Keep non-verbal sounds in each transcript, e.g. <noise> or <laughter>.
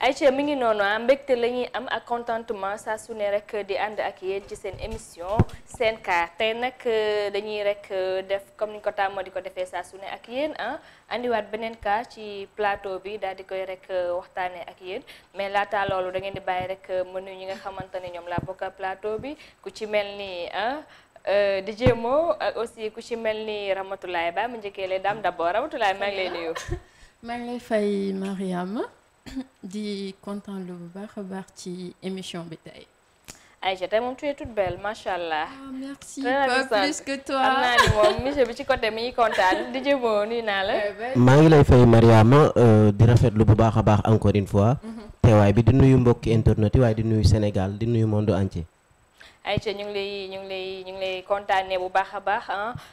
ay Aïcha mi ngi noonu ah mbégte la ñuy am ak contentement saa sune ne rek di ànd ak yéen ci seen émission seen kaar tey nag euh, dañuy rek euh, def comme ni ñu ko tàmm di ko defee saa sune ak yéen ah andiwaat beneen kaar ci plateau bi daal di koy rek euh, waxtaanee ak yéen mais laata loolu da ngeen di bàyyi rek mënu ñi nga xamante ne ñoom laa bokk plateau bi ku ci mel ni ah. Uh, di jéemoo aussi ku ci mel ni Ramatoulaye Ba mu njëkkee leen daam d'abord Ramatoulaye maa ngi lay nuyu. <laughs> maa ngi lay <coughs> di kontaan lu bu baax a baax ci émission bi tey. Aïcha tey moom tu es belle macha allah. Ah, merci <laughs> bi ci côté mi kontaan di jëmoo nuyu naa la. Eh maa ngi lay fay Mariama euh, di rafetlu bu baax a baax encore une fois. Mm-hmm. teewaay bi di nuyu mbokki internet yi waaye di nuyu Sénégal di nuyu monde entier. ay Aïcha ñu ngi lay ñu ngi lay ñu ngi lay kontaanee bu baax a baax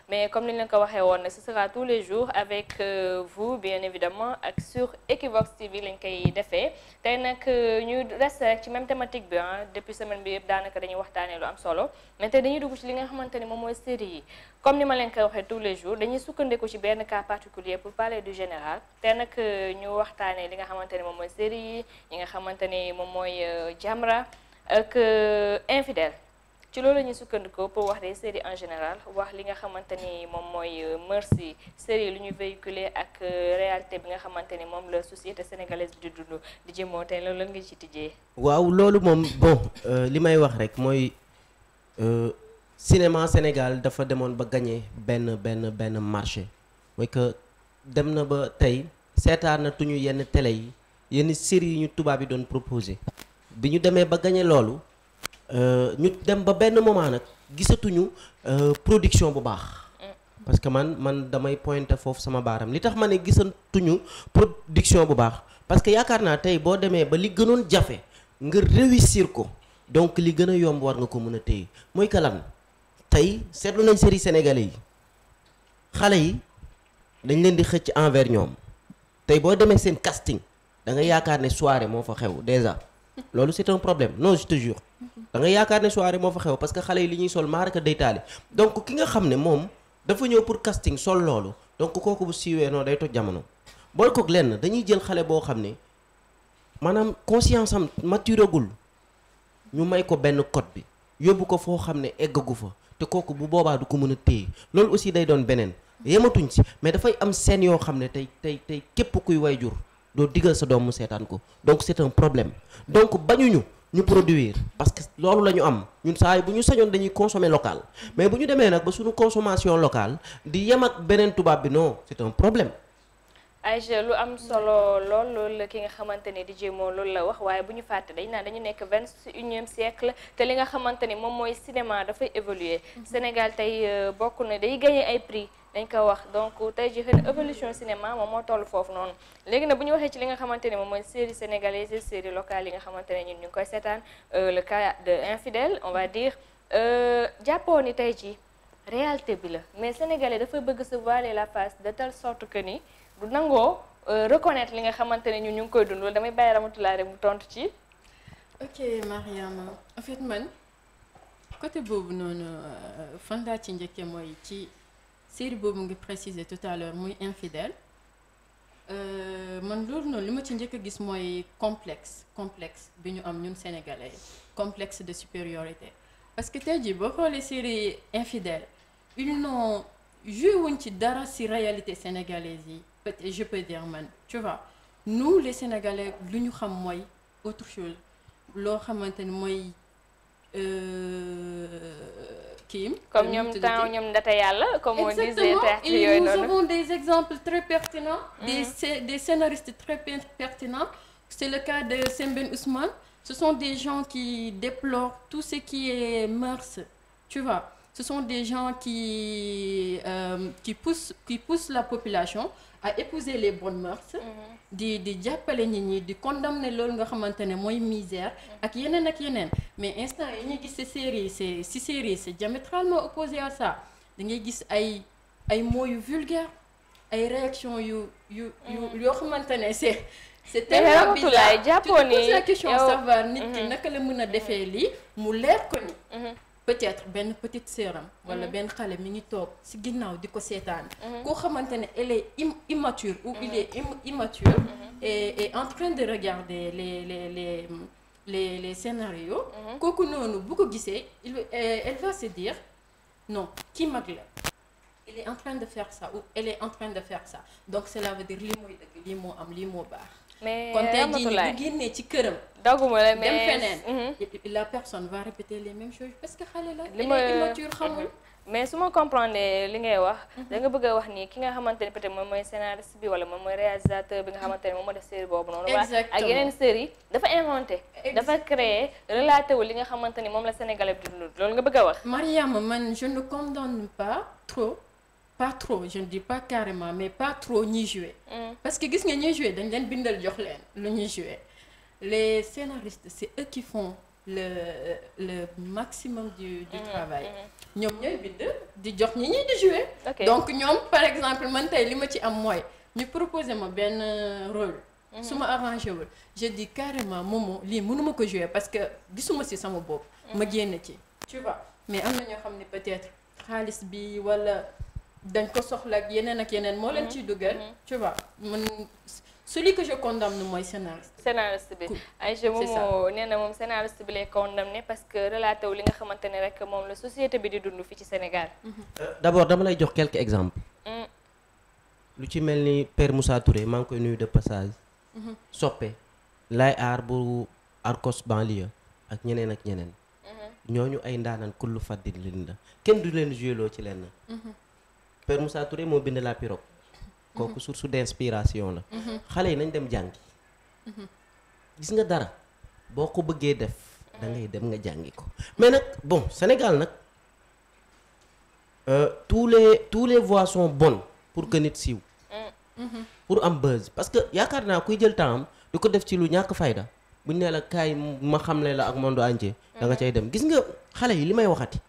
mais comme ni ñu leen ko waxee woon ce sera tous les jours avec euh, vous bien évidemment ak sur Equivox TV lañ koy defee tey nag euh, ñu reste rek ci même thématique bi ah depuis semaine bi yëpp daanaka dañuy waxtaanee lu am solo mais tey dañuy dugg ci li nga xamante ni moom mooy série yi comme ni ma leen koy waxee tous les jours dañuy sukkandiku ci benn cas particulier pour parler du général te nag euh, ñu waxtaanee li nga xamante ni moom mooy série yi ñi nga xamante ni moom mooy Jamra ak Infidèle ci loolu la ñuy sukkandikoo pour wax des séries en général wax li nga xamante ni moom mooy euh, merci série lu ñu véhiculer ak euh, réalité bi nga xamante ni moom la société sénégalaise bi di dund di jëmoo tey loolu lan nga ci tijjee. waaw loolu moom bon euh, li may wax rek mooy cinéma Sénégal dafa demoon ba gagné benn benn benn marché mooy que dem na ba tey seetaanatuñu yenn télé yi yenn séries yi ñu tubaab yi doon proposé bi ñu demee ba gañe loolu. Euh, ñu dem ba benn moment nag gisatuñu euh, production bu baax. parce que man man damay pointé foofu sama baaram li tax ma ne gisatuñu production bu baax parce que yaakaar naa tey boo demee ba li gënoon jafe nga réussir ko donc li gën a yomb war nga ko mën a téye mooy kalam tey seetlu nañ série sénégalais yi xale yi dañ leen di xëcc envers ñoom tey boo demee seen casting da nga yaakaar ne soirée moo fa xew déjà loolu c'est un problème non je te jure. da yaakaar ne soirée moo fa xew parce que xale yi li ñuy sol maaraka day taali donc ki nga xam ne moom dafa ñëw pour casting sol loolu donc kooku bu siiwee noo day toj jamono bool kook lenn dañuy jël xale boo xam ne maanaam conscience am mature ñu may ko benn code bi yóbbu ko foo xam ne eggagu fa te kooku bu boobaa du ko mën a téye loolu aussi day doon beneen yematuñ si mais dafay am seen yoo xam ne tey tey tey képp kuy way jur doo digal sa doom mu seetaan ko donc c'est un problème ñu produire parce que loolu la ñu am ñun saa bu ñu sañoon dañuy consomé local mais bu ñu demee nag ba suñu consommation locale di yem ak beneen tubaab bi non c'est un problème ay Aïcha lu am solo lool loolu ki nga xamante ne DJ Mo loolu la wax waaye bu ñu fàtte dañ naan dañu nekk vingt et unième siècle te li nga xamante ni moom mooy cinéma dafay évoluer mhm. Sénégal tey euh, bokk na day gagné ay prix dañ ko wax donc tey ji xëy na évolution cinéma moom moo toll foofu noonu léegi nag bu ñu waxee ci li nga xamante ne moom mooy série sénégalaise série locale yi nga xamante ne ñun ñu ngi koy seetaan euh, le cas de infidèle on va mhm. dire euh, jàppoon ni tey ji réalité bi la mais sénégalais dafay bëgg se voiler la face de telle sorte que ni bu nangoo euh, reconnaître li nga xamante ne ñun ñu ngi koy dund damay bàyyi Ramatoulaye rek mu tontu ci. ok Mariama en fait man côté boobu noonu euh, fan laa ci njëkkee mooy ci série boobu ngi préciser tout à l'heure muy infidèle euh, man loolu noonu li ma ci njëkk a gis mooy complex complexe bi ñu am ñun sénégalais complexe de supériorité parce que tey jii boo xoolee série infidèle ils n'ont joué wuñ ci dara si réalité sénégalaise yi peut-être je man tu vois nous les sénégalais lu ñu xam mooy autre chose loo xamante ni mooy euh, kii. comme ñoom temps ñoom ndata yàlla comme on disait yooyu noonu exactement nous avons des exemples très pertinents. Mm-hmm. des des scénaristes très pertinents. c'est le cas de Sembène Ousmane ce sont des gens qui déplorent tout ce qui est mœurs tu vois. ce sont des gens qui, euh, qui, poussent, qui la population à épouser les bonnes mœurs. Mhm. di di jàppale nit ñi di condamner loolu nga xamante ne mooy misère. Mhm. ak yeneen ak yeneen mais instant yi ñu gis ci série yi c'est ci série yi diamétralement opposé à ça da ngay gis ay ay mots yu vulgaire ay réaction yu yu mhm. yoo xamante ne c'est c'est tellement bizarre tu te la question nit ki naka la mën a defee lii mu leer ko ni peut-être benn petite sœuram wala mm-hmm. benn xale mi ngi toog ci ginnaaw di ko seetaan mm-hmm. koo xamante ne elle est immature ou il mm-hmm. est immature et est en train de regarder les les les les les scénarios kooku noonu bu ko gisee il elle va se est en train de faire ça ou elle est en train de faire ça donc cela veut dire lii mooy dëgg lii moo am lii moo baax mais kon tey jii bu ci këram. daguma la mais dem feneen. Mm-hmm. la personne va répéter les que mm-hmm. mais su ma comprendre li ngay wax. Mm-hmm. da nga bëgg a wax ni ki nga xamante ne peut moom mooy scénariste bi wala moom mooy réalisateur bi nga xamante moom moo def série boobu noonu. exactement ak yeneen série dafa inventé. dafa créé relaté li nga xamante ni moom la Sénégalais bi loolu nga bëgg a wax. Mariam man je ne condamne pas trop. pas trop je ne dis pas carrément mais pas trop ñiy jouer mm. parce que gis nga ñuy jouer dañ leen bindal jox leen lu ñuy jouer les scénaristes c'est eux qui font le le maximum du du mm, travail mm. ñoom ñooy bind di jox ñi ñi di jouer donc ñoom par exemple man tey li ma ci am mooy ñu proposé ma benn euh, rôle mm-hmm. su ma arrangé wul je dis carrément moomu lii mënuma ko jouer parce que gisuma si sama bopp ma génn ci tu vois mais am na ñoo xam ne peut-être xaalis bi wala dañ ko soxla ak yeneen ak yeneen moo leen mhm. ciy dugal. Mhm. tu vois man celui que je condamne mooy scénariste. scénariste bi ay je moom nee na moom scénariste bi lay condamné parce que relaté wu li nga xamante rek moom la société bi di dund fii ci Sénégal. Mhm. Euh, d' abord dama lay jox quelques exemple mm. lu ci mel ni Père Moussa maa ngi koy nuyu de passage. soppe lay aar bu Arcos banlieue ak ñeneen ak ñeneen. ñooñu ay ndaanaan kullu fàddil lin la kenn du leen joué ci lenn. Père Moussa moo bind la pirogue kooku mhm. source d'inspiration la mhm. xale yi nañ dem jàngi mhm. gis nga dara boo ko bëggee def da ngay dem nga jàngi ko mais nag bon Sénégal nag euh, tous les tous les voies sont pour que nit siiw euh, pour am buzz parce que yaakaar naa kuy jël temps am di ko def ci lu ñàkk fayda buñ nee la kaay ma xamle la ak monde entier da cay dem gis nga xale yi li may waxati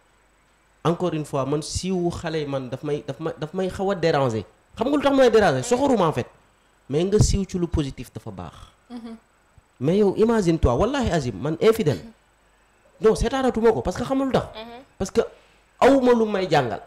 encore une fois man siiwu xale yi man daf may daf may daf may xaw a déranger xam nga lu tax may déranger soxoruma en fait mais nga siiw ci lu positif dafa baax. Mm-hmm. mais yow imagine toi wallahi azim man infidèle mm-hmm. non seetaanatuma ko parce que xamul tax. Mm-hmm. parce que awma lu may jàngal.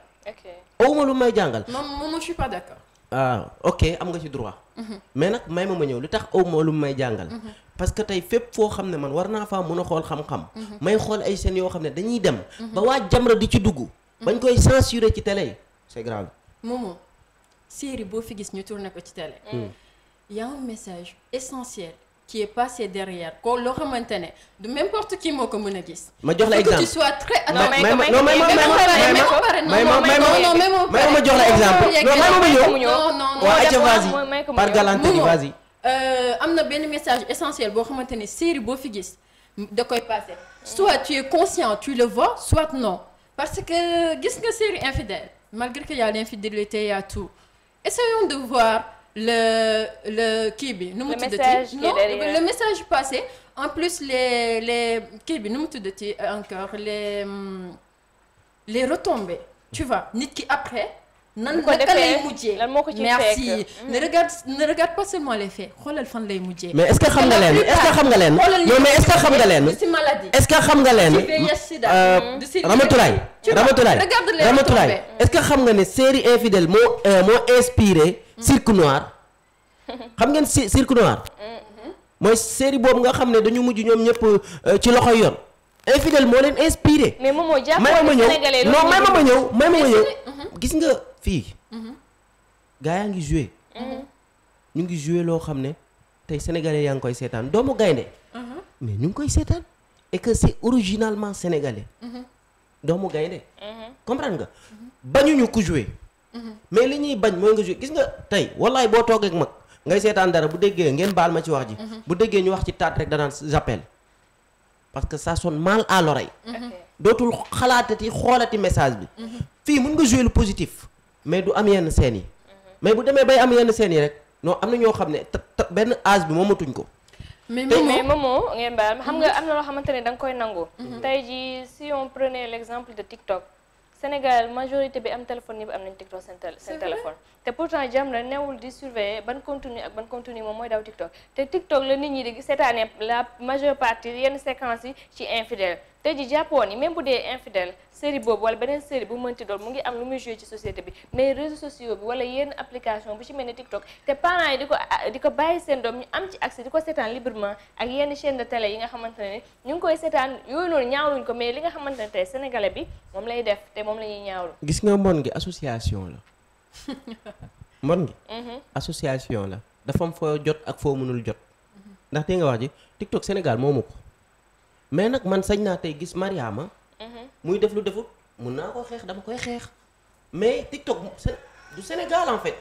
awma lu may jàngal. non moi je pas d'accord. ah ok am nga ci droit. Mhm. mais nag may ma ma ñëw lu tax aw moo lu mu may jàngal. Mhm. parce que tey fépp foo xam ne man war naa faa mën a xool xam-xam. Mhm. may xool ay seen yoo xam ne dañuy dem. ba waa Jamra di ci dugg. bañ koy censurer ci télé yi c'est grave. Momo série boo fi gis ñu tourné ko ci télé. Hmm. y a un message essentiel. qui est passé derrière ko loo xamante ne du n'importe qui moo ko mën a gis. ma jox la exemple que tu sois très. non mais non mais non mais non mais ma jox la exemple. non non par galanterie vas-y am na benn message essentiel boo xamante ne série boo fi gis da koy passé soit tu es conscient tu le vois soit non parce que gis nga série infidèle malgré que y a l'infidélité y a tout essayons de voir. le le kii bi nu mu tuddati non le message passé en plus les les kii bi nu mu tuddati encore les mm, les retombées tu vois nit ki après nan naka lay mujjee merci mm. ne regarde ne regarde pas seulement les faits xoolal fan lay mujjee mais est ce que xam nga leen est ce que xam nga leen non mais est ce que xam nga leen si maladie est ce que xam nga leen Ramatulaay Ramatulaay Ramatulaay est ce que xam nga ne série infidèle moo euh, moo inspiré cirque noir xam ngeen si cirque noir mooy série boobu nga xam ne dañu mujj ñoom ñëpp euh, ci loxoy yoon. infidèle moo leen inspiré. mais moom may ma ma ñëw may ma ma ñëw. gis nga fii. Mhm. gaa yaa ngi joué. Mhm. ñu ngi joué loo xam ne tey sénégalais yaa ngi koy seetaan doomu gaynde mhm. mais ñu ngi koy seetaan et que c'est originalement sénégalais. doomu gaynde comprendre nga bañuñu ko joué. Mm-hmm. mais li ñuy bañ mooy nga joué gis nga tey wallaay boo toogee ak mag ngay seetaan dara bu déggee ngeen baal ma ci wax ji. Mm-hmm. bu déggee ñu wax ci taat rek danaan j'appelle parce que ça sonne mal à l'oreille. Mm-hmm. dootul xalaatati xoolati message bi. fii mun nga joué lu positif mais du am yenn seen yi. mais bu demee bay am yenn seen yi rek non am na ñoo xam ne benn âge bi moomatuñ ko. mais moomoo ngeen baal ma xam nga am na loo xamante ne da koy nangu. tey jii si on prenait Sénégal majorité bi am téléphone ñëpp am nañ tiktoo seen seen téléphone te pourtant Jamra newul di surveiller ban contenu ak ban contenu moom mooy daw TikTok te TikTok la nit ñi di seetaanee la majeure partie yenn séquences yi ci infidèle te ji jàppoon yi même bu dee infidèle série boobu wala beneen série bu mënti doon mu ngi am lu muy joué ci société bi mais réseaux sociaux bi wala yenn application bu ci mel ni TikTok te parents yi di ko di ko bàyyi seen doom ñu am ci accès di ko seetaan librement ak yenn chaîne de télé yi nga xamante ne ñu ngi koy seetaan yooyu noonu ko mais li nga xamante ne tey sénégalais bi moom lay def te moom la ñuy ñaawlu. gis nga mon gi association la. <laughs> mbon gi mhm. association la dafa am foo jot ak foo mënul jot mhm. ndax dégg nga wax ji TikTok Sénégal moomu ko mais nag man sañ naa tey gis Mariama mhm. muy def lu defut mun naa koo xeex dama koy xeex mais TikTok du Sénégal en fait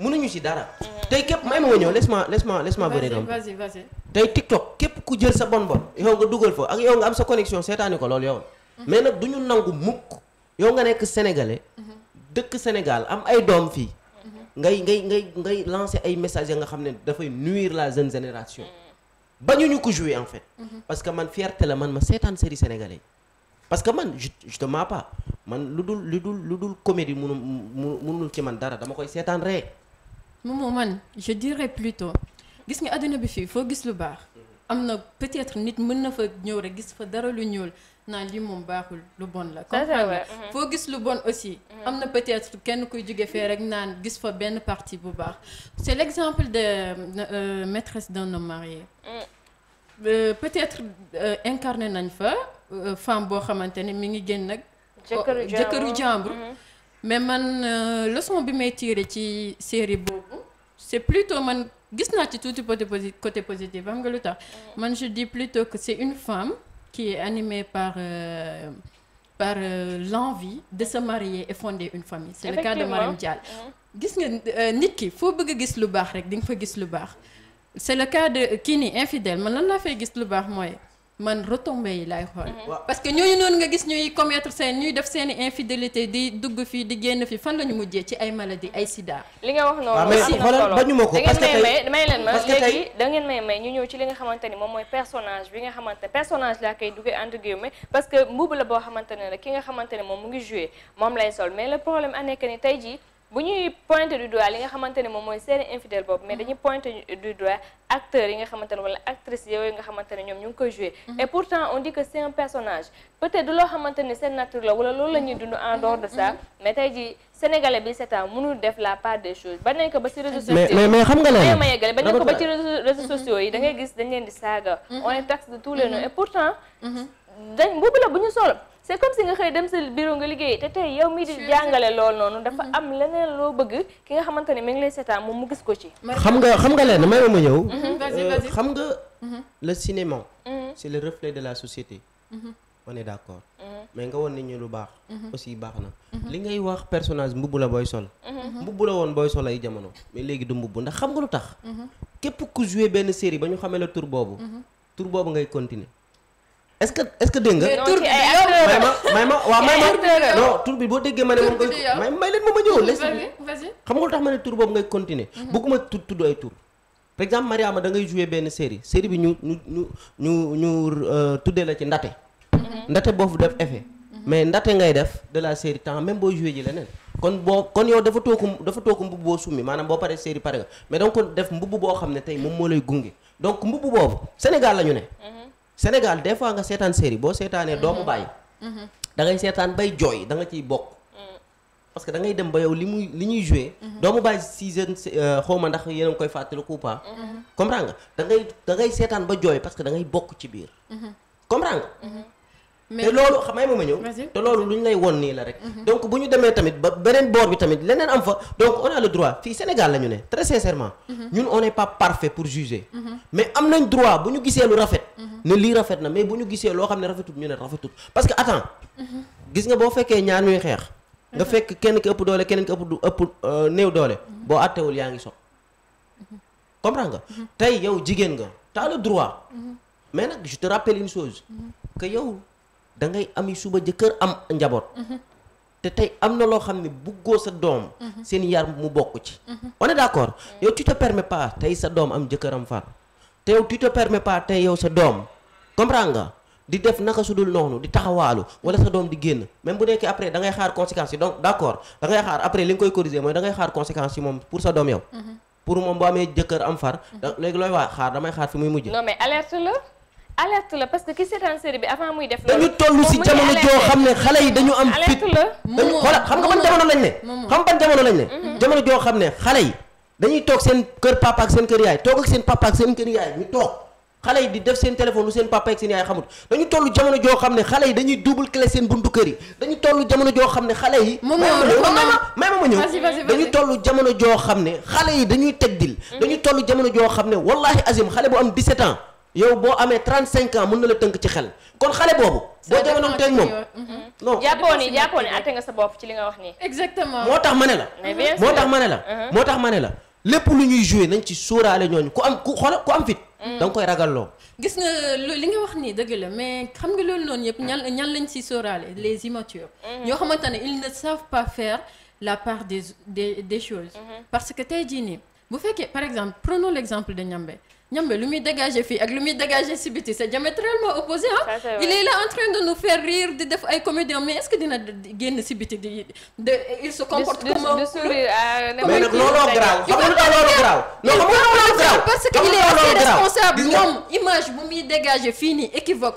mënuñu ci dara tey képp may ma nga ñëw laisse-moi laisse-moi laisse-moi venir vas-y vas-y tey TikTok képp ku jël sa bon bon yow nga dugal fa ak yow nga am sa connexion seetaani ko loolu yow mais nag du ñu nangu mukk yow nga nekk sénégalais dëkk Sénégal am ay doom fii mhm. ngay ngay ngay ngay lancer ay messages nga xam ne dafay nuire la jeune génération mhm. ba ñu ko jouer en fait mhm. parce que man fierté la man ma seetaan série sénégalais parce que man je je pas man lu dul lu dul lu dul comédie munu munul ci man dara dama koy seetaan ree moo man je dirais plutôt gis nga àdduna bi fii foo gis lu baax am na peut-être nit mën na fa ñëw rek gis fa dara lu ñuul naan lii moom baaxul lu bon la. comprendre foo gis lu bon aussi. Mhm. am na peut-être kenn kuy jóge fee rek naan gis fa benn partie bu baax c'est l'exemple de euh, maîtresse d'un homme marié. Mhm. Euh, peut-être euh, incarné nañ fa euh, femme boo xamante ne mi ngi génn nag. Oh, jëkkëru jàmbur mhm. mais man leçon bi may tirer ci série boobu c'est plutôt man gis naa ci tuuti côté positif xam nga lu tax. man je dis plutôt que c'est une femme. qui est par euh, par euh, l'envie de se marier et fonder une famille c'est le cas de Mariam Dial mm. gis nga euh, nit ki foo bëgg a gis lu baax rek di nga fa gis lu baax c'est le cas de kii ni infidèle man lan laa fee gis lu baax mooy man retombées yi laay xool. Mhm. parce que ñooñu noonu nga gis ñuy commettre seen ñuy def seen i infidélité di dugg fii di génn fi fan la ñu mujjee ci ay maladie ay sida. li nga wax noonu am na solo bañu ma may leen ma léegi da ngeen may may ñu ñëw ci li nga xamante ni moom mooy personnage bi nga xamante personnage laa koy duggee entre guillemets parce que mbubb la boo xamante ne la ki nga xamante ne moom mu ngi joué moom lay sol mais le problème a nekk ni tey jii bu ñuy pointer du doigt li nga xamante ne moom mooy série infidèle boobu mais dañuy pointer du doigt acteurs yi nga xamante ne wala actrices yooyu nga xamante ne ñoom ñu ngi koy joué mm-hmm. et pourtant on dit que c'est un personnage peut-être du loo xamante ne seen nature la wala loolu la ñuy en dehors de mm-hmm. Mm-hmm. mais tey jii sénégalais bi seetaan mënul def la part des choses ba nekk ba ci réseaux sociaux yi da gis dañ leen di saaga on est taxe de tous les noms et pourtant dañ ce comme si nga xëy dem sa bureau nga liggéey te tey yow mii di jàngale lool noonu dafa mm-hmm. am leneen loo bëgg ki nga xamante ne mi lay seetaan moom mu gis ko ci xam nga xam nga leen may ma ñëw mm-hmm. euh, xam nga mm-hmm. le cinéma c'est le reflet de la société on est d'accord mais nga woon nit lu baax aussi baax na li ngay wax personnage mbubb la booy sol mbubb la woon booy sol ay jamono mais léegi du mbubb ndax xam nga lu tax képp ku joué benn série ba ñu xamee la tour boobu tour boobu ngay continuer est-ce que est-ce que dégg nga. tur bi ma may ma bi boo déggee ma ne moom may may leen ma ma ñëw les xam nga lu tax ma ne tur boobu ngay continuer mhm. bëgguma tu tudd ay tur par exemple Mariama da jouer benn série séeri bi ñu ñu ñu ñu ñu euh, tuddee la ci ndate mhm. ndate boobu def effet mhm. mais ndate ngay def de la série temps même boo jouer ji leneen kon boo kon yow dafa tooku dafa tooku mbubb boo summi maanaam boo paree série pare nga mais ko def mbubb boo xam ne tey moom moo lay gunge donc mbubb boobu Sénégal la ñu ne Sénégal des fois nga seetaan série boo seetaanee doomu mm-hmm. bàyyi. Mm-hmm. da ngay seetaan bay jooy da nga bokk. Mm. parce que da dem ba yow li muy li ñuy joué. Mm-hmm. doomu bàyyi season euh, xaw ma ndax yéen a koy fàttaliku ou pas. comprendre nga da ngay seetaan ba jooy parce que da ngay bokk ci biir. comprendre nga. mais te loolu xam nga ma ñëw. te loolu lu ñu lay won nii la rek. donc bu ñu demee tamit ba beneen boor bi tamit leneen am fa donc on a le droit fii Sénégal la ñu ne lii rafet na mais bu ñu gisee loo xam ne rafetut ñu ne rafetut parce que gis nga boo fekkee ñaar ñuy xeex nga fekk kenn ki ëpp doole keneen ki ëpp du ëpp euh, néew doole boo àttewul yaa ngi sot comprendre nga tey yow jigéen nga t'as le droit mais nag je te rappelle chose que yow dangay am suba jëkkër am njaboot te tey am na loo xam ne buggoo sa doom seen yar mu bokk ci on est d'accord yow tu te permets tey sa doom am jëkkëram far te yow tu te tey yow sa doom comprendre nga di def naka su dul noonu di taxawaalu wala sa doom di génn même bu nekkee après da ngay xaar conséquences yi donc d' accord da ngay xaar après li nga koy corriger mooy da ngay xaar conséquences yi moom pour sa doom yow. Mhm. pour moom boo amee jëkkër am far. Mhm. da léegi looy waa xaar damay xaar fi muy mujj. la. parce que ki seetaan série def. loolu dañu toll si jamono joo xam ne xale yi dañu am. fit dañu xam nga ban jamono lañ ne. xam ban jamono lañ ne. Mhm. jamono joo xam ne xale yi dañuy toog seen kër papa ak seen kër yaay seen papa seen kër yaay ñu toog xale yi di def seen téléphone lu seen papa ak seen yaay xamut dañu toll jamono joo xam ne xale yi dañuy double clé seen buntu kër yi dañu toll jamono joo xam ne xale yi moom ma ñëw toll jamono joo xam ne xale yi dañuy teg dil mhm. dañu toll jamono joo xam ne wallahi azim xale bu am 17 ans yow boo amee 35 ans mën na la tënk ci xel kon xale boobu boo jamonoon teeg moom mhm. Mhm. non jàppoon ni jàppoon ni atte nga sa bopp ci li nga wax nii exactement moo tax ma ne la moo tax ma ne la moo tax ma ne la lépp lu ñuy joué nañ ci sóoraale ñooñu ku am ku xool ku am fit Mm. da nga koy ragalloo. gis nga li nga wax nii dëgg la mais xam nga loolu noonu yëpp ñan ñan lañ si sorale les immatures. Mm-hmm. ñoo xamante ne ils ne savent pas faire la part des des des choses. Mm-hmm. parce que tey jii bu fekkee par exemple prenons l'exemple de Niambé Niambé lu muy dégager fii ak lu muy dégager si biti c'est diamétralement opposé ah il est là en train de nous faire rire di def ay comédien mais est-ce que dina génn si biti di de il se comporte comme un euh, mais nag looloo garaaw xam nga parce que il est assez responsable moom image bu muy dégager fii nii Equivox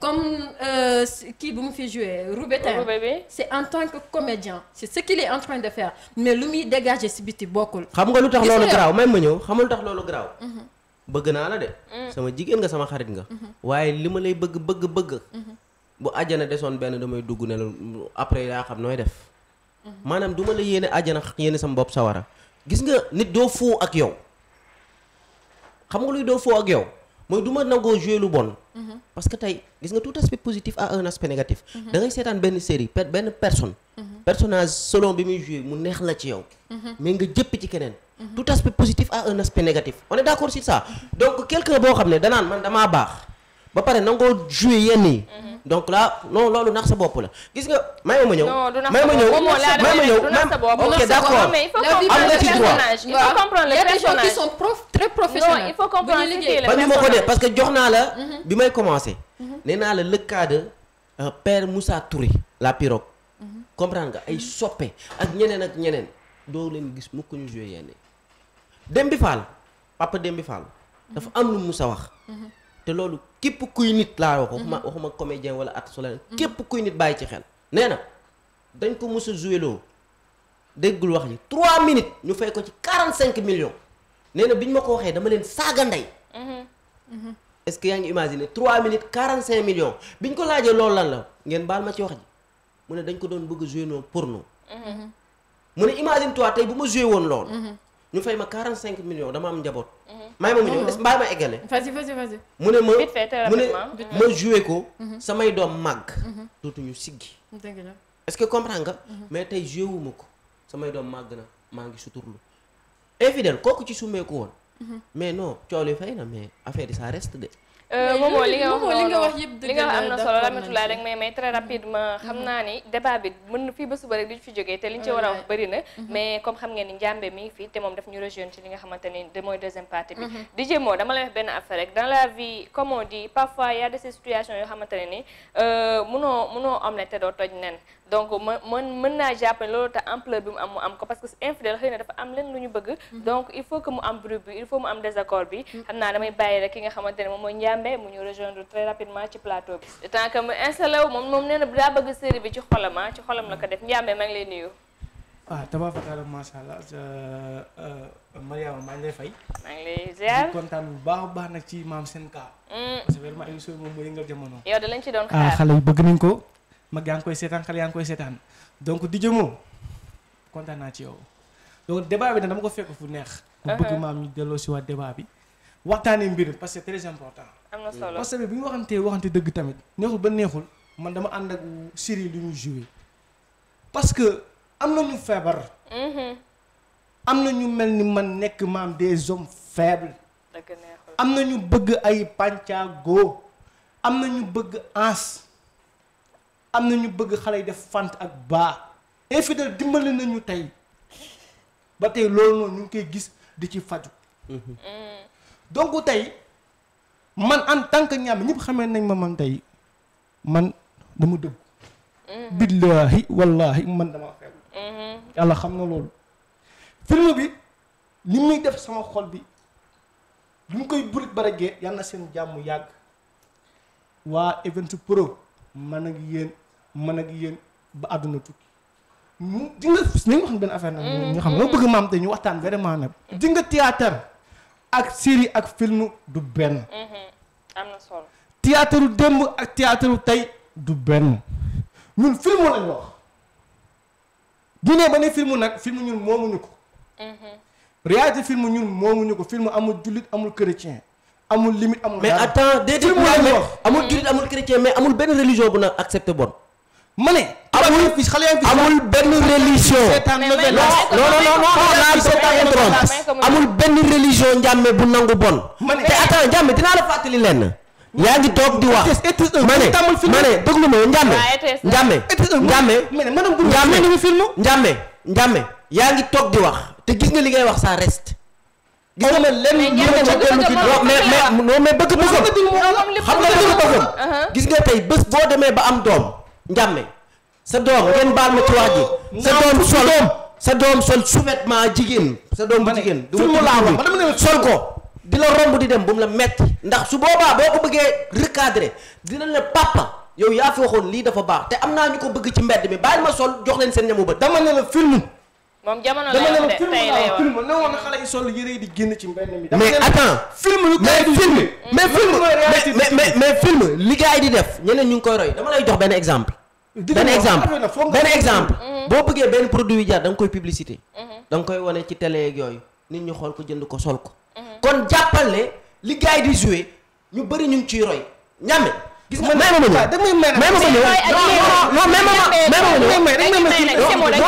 comme euh, kii bu mu fi joué Roubetin c'est en tant que comédien c'est ce qu'il est en train de faire mais lu muy dégager si biti bokkul xam nga lu tax loolu garaaw may ma ñëw xam nga lu tax loolu garaaw mhm. bëgg naa la de mm. sama jigéen nga sama xarit nga mhm. waaye li ma lay bëgg bëgg bëgg mhm. bu àjjana desoon benn damay dugg ne la après yaa xam nooy def maanaam du ma la yéene àjjana yéene sama bopp sawara gis nga nit doo foo ak yow xam nga luy doo foo ak yow mooy du ma nangoo jouer lu bon. Mhm. parce tey gis nga tout aspect positif a un aspect négatif. Mhm. da seetaan benn série benn personne. Mhm. personnage selon bi muy jouer mu neex la ci yow. mais nga jëpp ci keneen. tout aspect positif a un aspect négatif on est d'accord sur donc quelqu'un boo xam ne danaan man damaa baax ba pare nangoo jouer yenn yi. donc là non loolu nax sa bopp la gis nga may ma ñëw. may ma ñëw may ma ñëw ok d'accord am nga ci droit. ba ñu ma ko de parce que jox naa la. Mm-hmm. bi may commencer. Mm-hmm. nee naa la le cas de euh, père la pirogue. Mm-hmm. comprendre nga ay soppe ak ñeneen ak ñeneen doo leen gis mukk ñu joué yenn Demba Fall papa Demba Fall. dafa am lu Moussa wax. te loolu képp kuy nit laa wax waxuma mhm. waxuma comédien wala artiste wala mhm. képp kuy nit bàyyi ci xel nee na dañ ko mos a joué loo déggul wax ji trois minutes ñu fay ko ci quarante cinq millions nee na bi ñu ma ko waxee dama leen saaga ndey mhm. est-ce que yaa ngi imaginer trois minutes quarante cinq millions bi ñu ko laajee loolu lan la ngeen baal ma ci wax ji mu ne dañ ko doon bëgg a pour noonu mu ne imagine toi tey bu ma joué woon loolu ñu fay ma 45 millions dama am njaboot. Mhm. may ma mu mhm. ma eggale. vas-y vas ne ma mu ko. Mhm. samay doom màgg. dootuñu siggi. dëgg la est-ce que comprendre nga. mais tey joué ko samay doom màgg na maa ngi suturlu. infidèle kooku ci summeeku woon. mais non coow li fay na mais affaire yi ça de. Euh, Momo li nga wax li nga wax yëpp li nga wax am na très rapidement mhm. xam naa ni débat bi mën na fii ba suba rek duñ fi jógee te liñ ci war a wax bëri mhm. mais comme xam ngeen ni njàmbee mi ngi fii te moom daf ñu rejoindre ci li nga xamante ni de mooy deuxième partie bi mhm. DJ Mo dama lay wax benn affaire rek dans la vie comme on parfois y a des situations yoo xamante ne ni euh, munoo munoo am ne te doo toj nen donc ma mën mën naa jàpp ne loolu tax ampleur bi mu am mu am ko parce que infidèle xëy na dafa am leen lu ñu bëgg mhm. donc il faut que mu am bruit bi il faut mu am désaccord bi mhm. xam naa damay bàyyi rek ki nga xamante ne moom mooy njàmbe mu ñu rejoindre très rapidement ci plateau bi tant que mu installé wu moom moom na daa bëgg série bi ci xolam ah, ci xolam la ko def njàmbe maa ngi lay nuyu ah tabaarakalla macha allah euh, euh, Mariama maa ngi lay fay. maa ngi lay ziar kontaan bu baax a baax nag ci maam seen kaa. parce que vraiment émission bi moom mooy yëngal jamono. ci doon ah, xaar ah ko. mag yaa ngi koy seetaan xale yaa ngi koy seetaan donc di jëmoo kontaan naa ci yow donc débat bi nag dama ko fekk fu neex. bu bëgg uh-huh. maam ñu delloo si waat débat bi. waxtaanee mbir parce que c'est important. am na solo parce que bi ñu waxantee waxante dëgg tamit neexul ba neexul man dama ànd ak série lu ñu joué parce que am na ñu feebar. Uh-huh. am na ñu mel ni man nekk maam des hommes faibles. am na ñu bëgg ay pàncagoo am na ñu bëgg ans. am na ñu bëgg xale yi def fant ak baa infidèle dimbali nañu tey ba tey loolu noonu ñu ngi koy gis di ci faju mm-hmm. donc tey man en tant que ñaam ñëpp xamee nañ ma man tey man dama dëgg mm-hmm. billaahi wallaahi man dama xew mm-hmm. yàlla xam na loolu film bi li muy def sama xol bi li mu koy burit baragee yàlla na seen jàmm yàgg waa Event Pro man ak yéen man ak yéen ba àdduna tukki mu di nga ni nga benn affaire nag mm, ñu xam nga mm. bëgg ñu waxtaan vraiment nag mm. di nga ak série ak film du benn mm-hmm. am na ak théâtre tey du benn ñun filmu lañ wax bu ba ne filmu nag filmu ñun moomuñu ko mm-hmm. réalité filmu ñun moomuñu ko filmu amul jullit amul chrétien amul limite amul. mais attends déedéet amul jullit amul chrétien mais amul benn religion bu na accepté bon. ma ne. amul amul benn religion. non non non amul benn religion njàmme bu nangu bon. ma ne te attends njàmme dinaa la fàttali lenn. yaa ngi toog di wax ma ne ma ne déglu ma njàmme. njàmme njàmme njàmme njàmme yaa ngi toog di wax te gis nga li ngay wax ça reste. gis nga ma lenn ñu ma ci dellu ci xam nga bëgg bëggam gis tey bés boo demee ba am doom njàmme sa doom ngeen baal ma ci wax ji sa doom sol sa doom sol sous-vêtement jigéen sa doom bu jigéen du mu laa wax dama ne sol ko di la romb di dem bu mu la metti ndax su boobaa boo ko bëggee di dina ne papa yow yaa fi waxoon lii dafa baax te am naa ñu ko bëgg ci mbedd mi bàyyi ma sol jox leen seen ñamu ba dama ne la film moom jamono lay wax de di génn ci mbedd mi. mais attends film mais film mais film mais film li di def ñeneen ñu ngi koy roy dama lay jox benn exemple. benn exemple benn exemple. Mhm. boo bëggee benn produit jar da nga koy publicité. Mhm. da nga koy wane ci télé yeeg yooyu nit ñu xool ko jënd ko sol ko. Mhm. kon jàppal ne li gars yi di joué ñu bëri ñu ngi ciy roy ñame. gis nga may ma ma ñëw may ma ma ñëw non may ma ma ñëw may ma ma ñëw non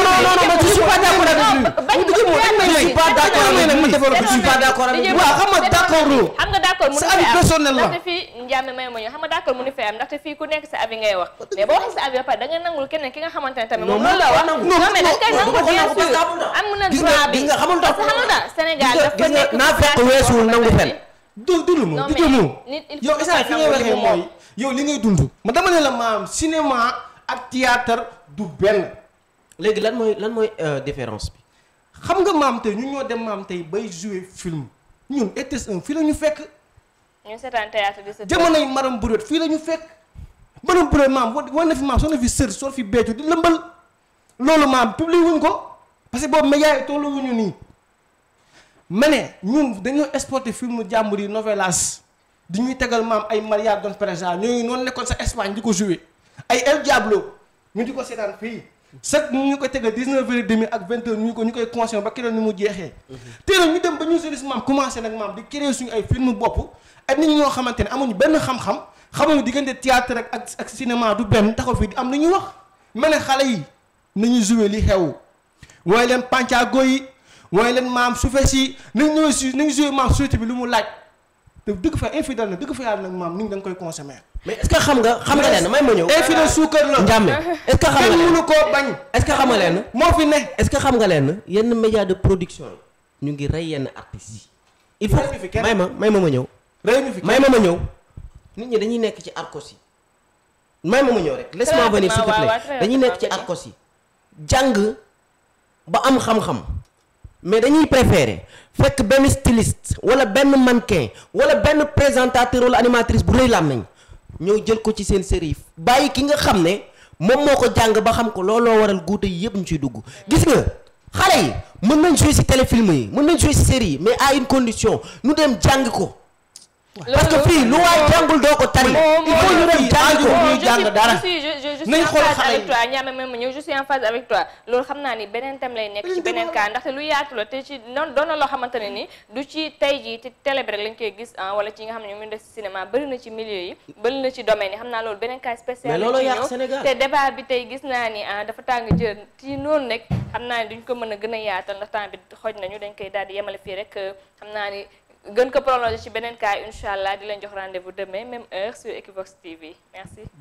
non non je suis pas d'accord avec lui je suis pas d'accord avec lui je suis pas d'accord avec lui waaw xam nga d'accord xam nga d'accord mënu fi am personnel la ndaxte fii njàmm may ma ñëw xam nga d'accord mënu fi am ndaxte fii ku nekk sa avis ngay wax mais boo waxee sa avis ba pare da nga nangul keneen ki nga xamante ne tamit moom loolu la wax non mais da nga koy nangul bien sûr am na droit bi xamul tax xamul tax Sénégal dafa nekk naa fekk weesul nangu fen du du lu mu du lu mu yow isa fi ngay waxee mooy yow li ngay dund ma dama ne la maam cinéma ak théâtre du benn léegi lan mooy lan mooy euh, différence bi xam nga maam tey ñu ñoo dem maam tey bay jouer film ñun rts fii la ñu fekk ñu seetaan théâtre bi jamonoy maram bureet fii la ñu fekk maram bureet maam war na fi maam soo na fi sër soo fi beecu di lëmbal loolu maam publié wuñ ko parce que boobu médias yi tolluwuñu nii ma ne ñun dañoo exporté film jàmbur yi novelas di ñuy tegal maam ay Maria Don Pereira ñooñu noonu nekkoon sa Espagne di ko joué ay El Diablo ñu di ko seetaan fii chaque ñu ko tegal 19 heures et demi ak 20 heures ñu ko koy consommer ba keroog ni mu jeexee. teel ñu dem ba ñu jeunesse maam commencé nag maam di créer suñu ay film bopp ak nit ñoo xamante ne amuñu benn xam-xam xamuñu diggante théâtre ak ak ak cinéma du benn taxaw fii di am lu ñuy wax. ma ne xale yi nañu joué li xew waaye leen pàncaago yi waaye leen maam su fees yi nañu ñëw si nañu joué maam société bi lu mu laaj. te dëgg fa infidèle la dëgg fa yàlla nag maam nit ñi da nga koy consommer. is est-ce xam nga xam nga leen may ma ñëw. infidèle euh, suukar la njàmme. est-ce que xam nga leen mënu koo bañ. est-ce que xam nga leen. moo fi ne. est-ce xam nga leen yenn média de production ñu ngi rey yenn artistes yi. il faut may ma may ma ma ñëw. fi may ma ma ñëw. nit ñi dañuy nekk ci arcos yi. may ma ma ñëw rek laisse-moi venir s'il te plaît dañuy nekk ci arcos yi. jàng ba am xam-xam. mais dañuy préférer fekk benn styliste wala benn mannequin wala benn présentateur wala animatrice bu rëy nañ ñëw jël ko ci seen série bàyyi ki nga xam ne moom moo ko jàng ba xam ko looloo waral guute yi yëpp ñu ciy dugg gis nga xale yi mën nañ jouer si téléfilm yi mën nañ jouer ci série yi mais à une condition ñu dem jàng ko parce que fii lu waay jàngul doo ko tari. il faut ñu en phase avec loolu xam naa ni beneen tam lay nekk ci beneen cas ndaxte lu yaatu la te ci noonu doon na loo xamante ne ni du ci tey jii ci télé bi rek lañ koy gis ah, wala ci nga xam ne ñoom ñu def ci cinéma bëri na ci milieu yi bëri na ci domaine yi xam naa loolu beneen cas spécial la ci te débat bi tey gis naa ni ah, dafa tàng jër ci noonu nekk xam naa ni duñ ko mën a gën a yaatal ndax temps bi xoj nañu dañ koy daal di yemale fii rek euh, xam naa ni gën ko prolonger si beneen cas incha allah di leen jox rendez-vous demain même heure sur Equivox TV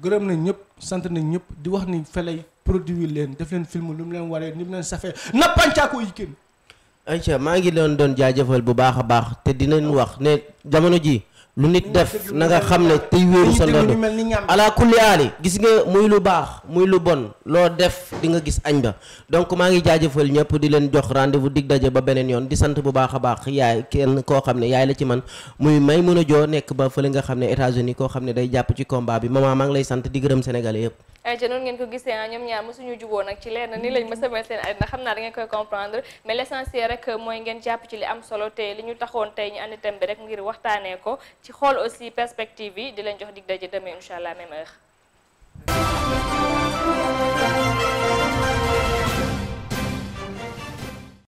gërëm nañ ñëpp sant nañ ñëpp di wax ni felay produit leen def leen film lu mu leen waree ni mu leen safee na pàncaako yi kenn. ayca maa ngi leen doon jaajëfal bu baax a baax te dinañ wax ne jamono ji lu nit def na xam ne tey wéeru sa ndodd ala kulli aali gis nga muy lu baax muy lu bon loo def di nga gis añ ba donc maa ngi jaajëfal ñëpp di leen jox rendez-vous dig daje ba beneen yoon di sant bu baax baax yaay kenn koo xam ne yaay la ci man muy may mën a joo nekk ba fële nga xam ne États-Unis koo xam ne day jàpp ci combat bi maman maa ngi lay sant di gërëm Sénégalais yëpp ay ca noonu ngeen ko gisee na ah, ñoom ñaar mosuñu juboo nag ci lenn ni lañ ma samee seen àddina xam naa da koy comprendre mais l'essentiel rek euh, mooy ngeen jàpp ci li am solo te li ñu taxoon tey ñu andi bi rek ngir waxtaanee ko ci xool aussi perspective yi di leen jox dig daje demee incha allah même heure